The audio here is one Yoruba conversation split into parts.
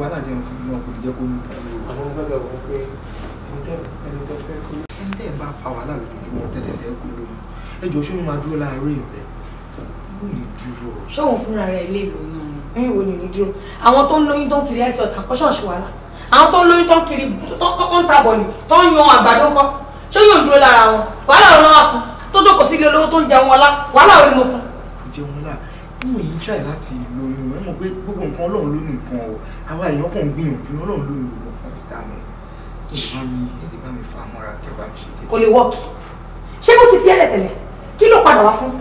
gbogbo aláàjẹ ń fojú náà kò lè jẹ́ kó ní. àwọn gbọ́dọ̀ wọ pé ẹni tẹ́ fẹ́ kó. ẹni tẹ́ bá fa wàhálà lójoojúmọ́ tẹ́lẹ̀ fẹ́ kó lóyún ẹ jọ ṣé wọn máa dúró láàárín rẹ ó lè dúró. ṣọ́wọ́n fúnra rẹ̀ lè lóyún ni ẹ̀yìn wo ni ò ní dúró àwọn tó ń lóyún tó ń kiri àìsàn ọ̀tà kọ́ ṣọ́ọ̀ṣì wàhálà àwọn tó ń lóyún tó ń kiri tó ń tabọ̀ ni tó ń yan àgbàdo kọ́ ṣé yóò dúró lára wọn wàhálà òun náà wà fún tó jókòó sí ilé olówó tó ń jẹun ọlá wàhálà òun ni mo fún. jẹun ọlá mo yìí try láti lóyún ẹ mọ̀ pé gbogbo nǹkan ọlọ́run ló ní nǹkan ọ̀ àwa èèyàn kàn ń gbìyànjú ọlọ́run ló ní gbogbo nǹkan sísá mi ẹ bá mi ẹ bá mi fa mọ́ra kí ẹ bá mi ṣe dédé. kò lè wọ́ọ̀kì ṣé bó ti fi ẹ̀lẹ̀ tẹ̀lẹ̀ kí ló padà wá fún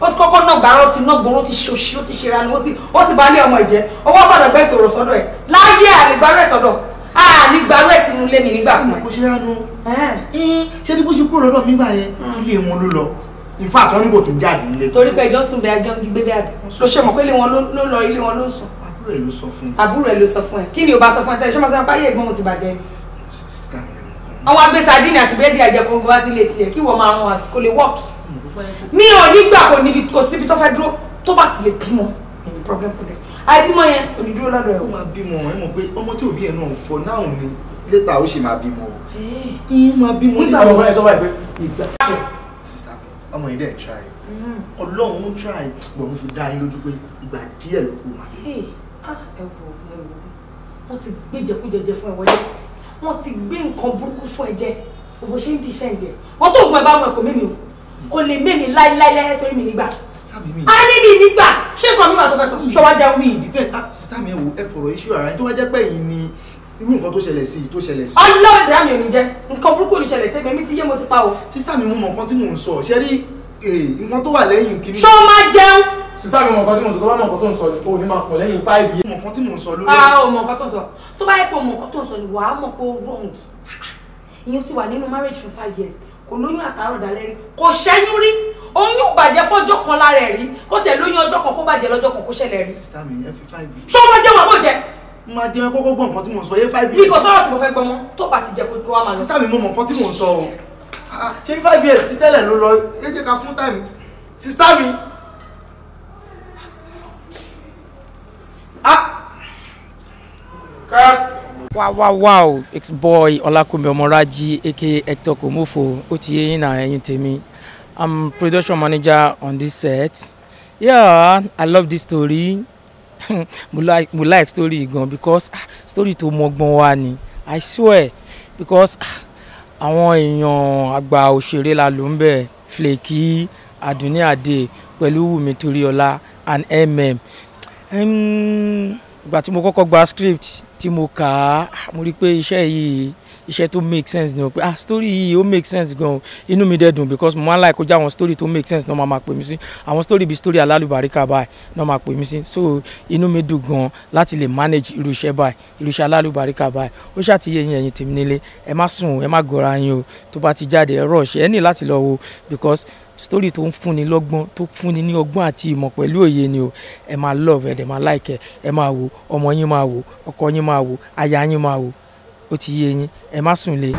ó ti kọ́kọ́ náà gbàrà ti ná gbòòrò ti ṣòṣì ó ti ṣe ra ni ó ti balẹ̀ ọmọ ìjẹ́ ọwọ́ fàdà gbẹ́ tòrò sọ́dọ̀ ẹ̀ láyé àlègbàrú sọ́dọ̀ àlègbàrú sínú ilé mi nígbà fún ẹ. ṣé ní bó ṣe kúrò lọ́dọ̀ mi yẹn hmm. kí lè mú ló lọ in fact wọ́n níbò tó jáde nílé. torí pé ìjọ sùn bẹ ajọ ń ju gbé bẹ àdó ló ṣe mọ̀ pé ilé wọn ló lọ ilé wọn ló sùn. àbúrò ẹ̀ ló sọ fún mi. àbúrò ẹ̀ ló sọ fún ẹ kí ni o bá sọ fún ẹ tẹ́lẹ̀ ṣé máa sọ pé ayé ẹ̀gbọ́n mo ti bàjẹ́ ni. àwọn agbé sadini àti bẹ́ẹ̀dì àjẹkùn wá sílé tiẹ̀ kí wọ́n máa rún àkókò lè wọ́ọ̀kì. mi ò nígbà kò níbi kò síbi tó fẹ́ dúró tó bá ti lè bímọ ẹ̀yìn problem kò dẹ̀ àìbímọ o. ó máa bímọ ẹ mọ̀ pé ọmọ tí òbí ẹ̀ náà fọ ìyẹn máa ọmọ yìí dẹ̀ try mm. ọlọ́run ń try bọ̀ mo fi dá yín lójú pé ìgbà díẹ̀ ló kù mà. Ah, ẹ wò ó ẹ wò ó wọ́n ti gbé jẹkújẹjẹ fún ẹ wọlé wọ́n ti gbé nǹkan burúkú fún ẹ jẹ òwò ṣe ń defend ẹ wọ́n tó gun ẹ bá wọn kò mímì o kò lè mímì láéláéláé torí mi nígbà a ní mi nígbà ṣé kan mi wà tó fẹ́ sọ ṣọwọ́ jẹ́ wí. mi ẹ ẹ fọ̀rọ̀ iṣu ara ẹni tó wá jẹ́ pẹ́yìn ni irú nǹkan tó ṣẹlẹ̀ sí i tó ṣẹlẹ̀ sí i. ọlọ́run ìdá mi ò ní jẹ́ nǹkan burúkú ò ní ṣẹlẹ̀ sí ẹgbẹ́ mi ti yé mo ti pa o. sísá mi mú mọ nǹkan tí mò ń sọ ṣe rí eh, nǹkan tó wà lẹ́yìn kìíní. ṣó máa jẹun. sísá mi mọ nǹkan tí mò ń sọ tó bá mọ nǹkan tó ń sọ ni o ní máa pọ̀ lẹ́yìn fáìbì. mọ nǹkan tí mò ń sọ lórí. a ah, ò mọ nǹkan tó ń sọ tó bá yẹ pé mọ nǹkan tó ń sọ ni wàá mọ̀ five years kò lóyún àtàárọ̀ dalẹ́ rí kò ṣẹ́yún rí oyún ò bàjẹ́ fọ́jọ́ kan lára ẹ̀ rí kó tẹ̀ lóyún ọjọ́ kan kó bàjẹ́ lọ́jọ́ kan kó ṣẹlẹ̀ rí. sísá mi five years. ṣọwọ́ jẹ́ wàá bò jẹ́ máa jẹ́ kókó gbọ́ nǹkan tí mò ń sọ yé five years. mi kò sọ̀rọ̀ tí mo fẹ́ gbọ́ mọ́ tó bá ti jẹ kó tó máa lọ. sísá mi mo mọ̀ nǹkan tí mò ń sọ o ah, ṣé five years ti tẹ́lẹ̀ ló lọ ẹ jẹ́ ká fún time sísá mi. Wow, wow, wow, it's boy Olakunmi Omoraji aka Hector Komofo, ó ti yé yín náà tèmi. I'm production manager on this set. Yeah, I love this story. mo like mo like story gan because ah, story to mọgbọ́n wa ni i swear because ah, àwọn èèyàn àgbà òṣèré la ló ń bẹ̀ Flèkì Àdùnní Adé pẹ̀lú Wùmí Toríọlá and mm ìgbà tí mo kọ́kọ́ gba script tí mo kà á ah, mo rí i pé iṣẹ́ yìí iṣẹ́ tó make sense ni o pé ah story yìí ó make sense gan o inú mi dẹ̀ dùn because mo máa ń láì kọjá àwọn story tó make sense náà máa máa pè mí sí àwọn story bíi story alálùbáríkà báyìí náà máa pè mí sí so inú mi dùn gan láti lè manage irú iṣẹ́ báyìí irú iṣẹ́ alálùbáríkà báyìí ó ṣàtìyẹ yín ẹ̀yin tèmi nílé ẹ má sùn ẹ má gọra yín o tó bá ti jáde ẹ rush ẹ ní láti lọ wo because story tó ń fúnni lọ́gbọ́n tó fúnni ní ọgbọ́n àti ìmọ̀ pẹ̀lú òye ni o ẹ máa love ẹ dẹ̀ máa like ẹ ẹ máa wo ọmọ yín máa wo ọkọ yín máa wo aya yín máa wo ó ti yé yín ẹ má sùn lé.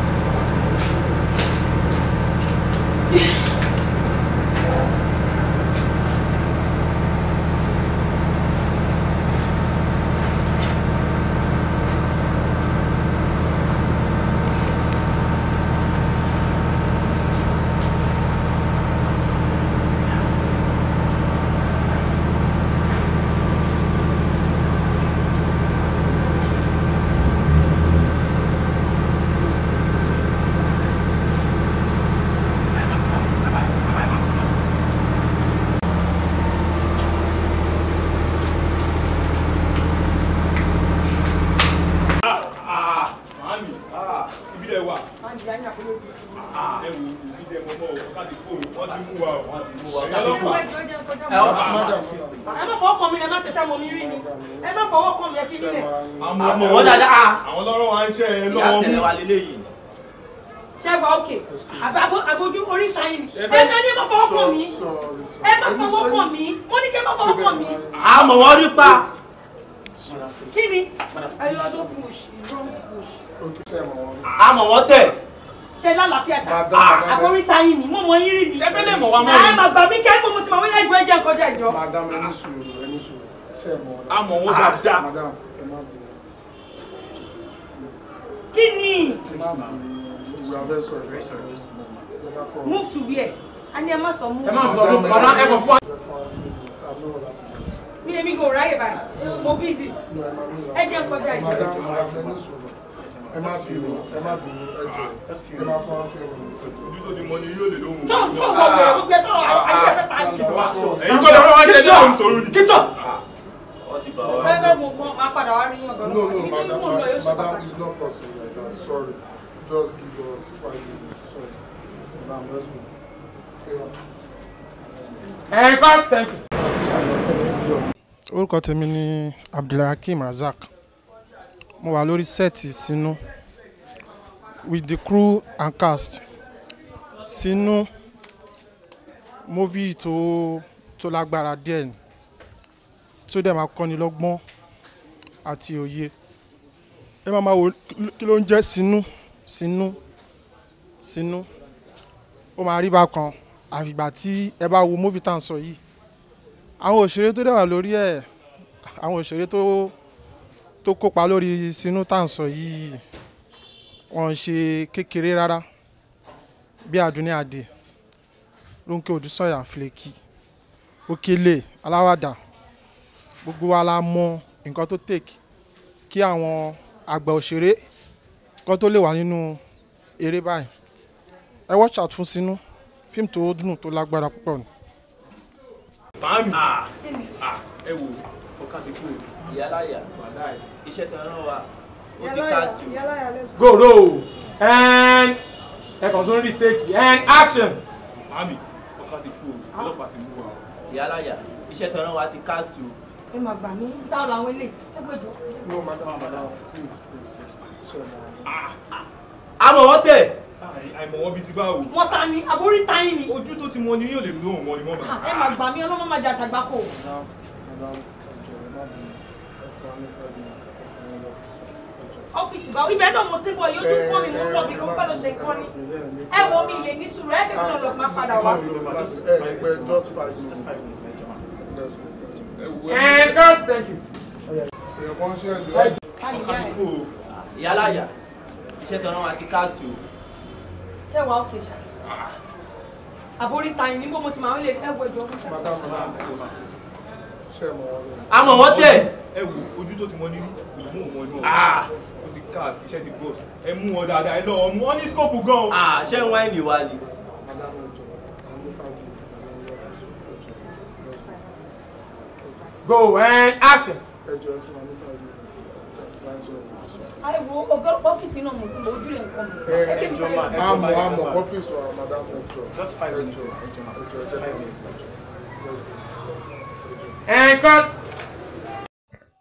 ẹ má fọwọ́ kàn mí ẹ má tẹ̀sán mọ́ mi rí ni ẹ má fọwọ́ kàn mí ẹ fi nílẹ̀. àmọ̀ wọ́n dáadáa. Ah. àwọn lọ́rọ̀ wa ń ṣe é lọ́wọ́ mú. ìyá ṣẹ́gbà òkè àbábọ́ àbójú orí sáyé mi ẹ má ní má fọwọ́ kàn mí ẹ má fọwọ́ kàn mí mo ní kẹ́ má fọwọ́ kàn mí. àmọ̀ wọ́n rí pa. kí ni. àmọ̀ wọ́n tẹ̀ ṣe lálàáfíà ṣá ah, àkóríta yìí ni mo mọ yín rí ni. ṣé bẹ́lẹ̀ mọ̀ wá mọ́ ni. àmọ́ gbàgbé kẹ́kọ̀ọ́ mo ti mọ̀ wíyá ìgbọ́ ẹ̀jẹ̀ kọjá ìjọ. madam ẹni sùúrù ẹni sùúrù ṣe é mọ̀ ọ́ àmọ̀ wọn dáadáa. madam ẹ má bẹ̀rẹ̀. kí ni. move to where. a ní ẹ má sọ move. ẹ má sọ move ọ̀nà ẹ̀kọ́ fún wa. mi èmi kò ráyè báyìí mo bí ìdí ẹ jẹ́ kọjá ìjọ ẹ má fi wò ẹ má ah. fi wò ẹ jọ ẹ má fún aṣọ ìwé. ojú tó ti mọ ni yóò lè lóhùn. tó tó wọ wẹ gbogbo ẹsọ ah. náà ayé ẹfẹ ta ni. èyí kọ́ lọ́wọ́ wá ṣe ẹjọ́ òun tòrò ni. kí tọ́t. Bẹ́ẹ̀ mo mọ máa padà wá rí yàn gan-an. No no madam madam not possible like that sorry just give us five minutes sorry madam let's go. Orúkọ tèmi ni Abdulhakeem Razak mo wà lórí sẹ́ẹ̀tì sínú with the crew and cast sínú móvì tó tó lágbára díẹ̀ ni tó dẹ̀ máa kọ́ni lọ́gbọ́n àti òye ẹ máa máa wò kí ló ń jẹ́ sínú sínú sínú ó máa rí bákan àfìgbà tí ẹ bá wo móvì tá à ń sọ yìí àwọn òṣèré tó dẹ̀ wà lórí ẹ̀ àwọn òṣèré tó tó kópa lórí sínú tàǹsọ̀ yìí wọ́n ń ṣe kékeré rárá bí Àdùnní Adé Rónkẹ́ Odùsànyà Fìlẹ́kì Òkèlè Aláwàdà gbogbo wa la mọ nǹkan tó take kí àwọn àgbà òṣèré kan tó lè wà nínú eré báyìí ẹ watch out fún Sínú fíìmù tó dùn tó lágbára púpọ̀ ni. bàámi ah, ẹ wò ọkà ti kú o ìyáláyà iṣẹ́ tó rán wa ó ti cast you. go roll and ẹ̀kan tó ń rí take and action. mami ọkọ ti fún o ọlọ́pàá ti mú wa. ìyáláyà iṣẹ́ tó rán wa ti cast you. ẹ máa gbà mí táwọn làwọn ilé ẹgbẹ́ jọ. no madam madam please please sorry. àmọ̀ ah, ah. wọ́n tẹ̀ àìmọ̀wọ́ bíi ti báwo. wọ́n ta ni àbórí ta yín ni. ojú tó ti mọ ni yóò lè mú òun wọn ni wọ́n máa. Ah, ẹ máa gbà mí ọlọ́mọ máa jà ṣàgbákò ọ́fíìsì bá ibẹ̀ náà mo ti bọ̀ yóò tún kọ́ mi mo sọ mi kó pẹ́ ṣe kọ́ ni ẹ wo mi lè ní sùúrù ẹ̀ kẹ́kọ̀ọ́ lọ máa padà wá. ẹ thank you. ìyálà yà iṣẹ́ tí ọlọ́run àti cast o. ṣé wàá òkè ṣá àbórí ta ìní bó mo ti máa ń lè ẹ wo àmọ̀ wọ́n tẹ̀ ẹ wò ojú tó ti mọ nírí kò òun ọdún ọ̀hún ó ti cast iṣẹ́ ti gbọ́ ẹ mú ọ dáadáa ẹ lọ ọmú ọ ní scope gan o. Ah, ṣé ń wáìnì wa ni. go and action. ẹ jọ eh, ẹ fún wa ní five minutes ariwo ọgọ ọfíìsì náà mo tún ojú rẹ nǹkan mi. ẹ ẹ jọ ma ẹ mọ a mọ ọfíìsì wa madam ẹ jọ just five minutes ẹ jọ ma ẹ jọ five minutes ẹ jọ. ẹ kọ́.